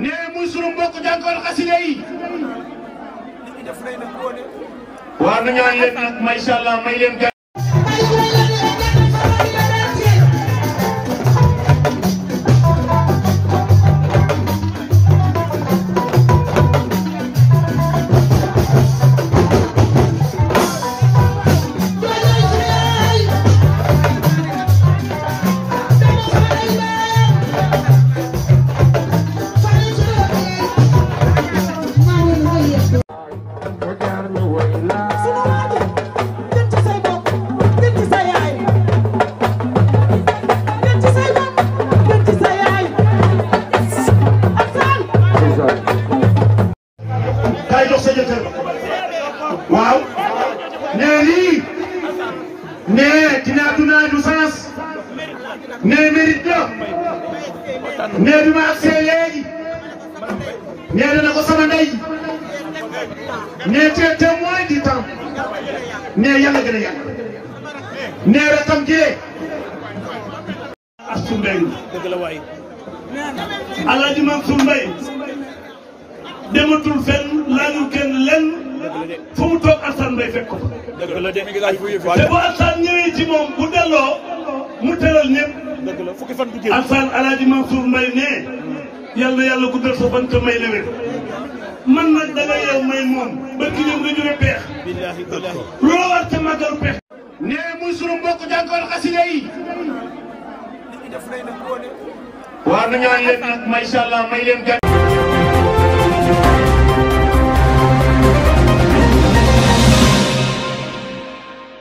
nee muy sunu mbokk jànkoon xasida yi. waaw nu ñaan leen nag macha allah may leen waaw nee lii nee dinaa dunaa du sens nee mérite la nee bi ma agsee léegi nee ko sama ndey nee tee témoin du temps nee yàlla gën a yàgg nee rakkam jee Astou Mbaye dëgg la waay Alaaji Mansour Mbaye dematul fenn laa fekk ko dëgg la de te bu Alsaan ñëwee ci moom bu delloo mu teral ñëpp. dëgg la fukki fan bu jëlee Alsaan Alaaji Mansour Mbaye ne yàlla yàlla guddal sa fan te man nag da nga yow may moom ba ki ñëw nga jóge loo war ca màggal peex. nee muy sunu mbokk jànkoon xasida yi. waaw leen nag macha allah may leen gàncax.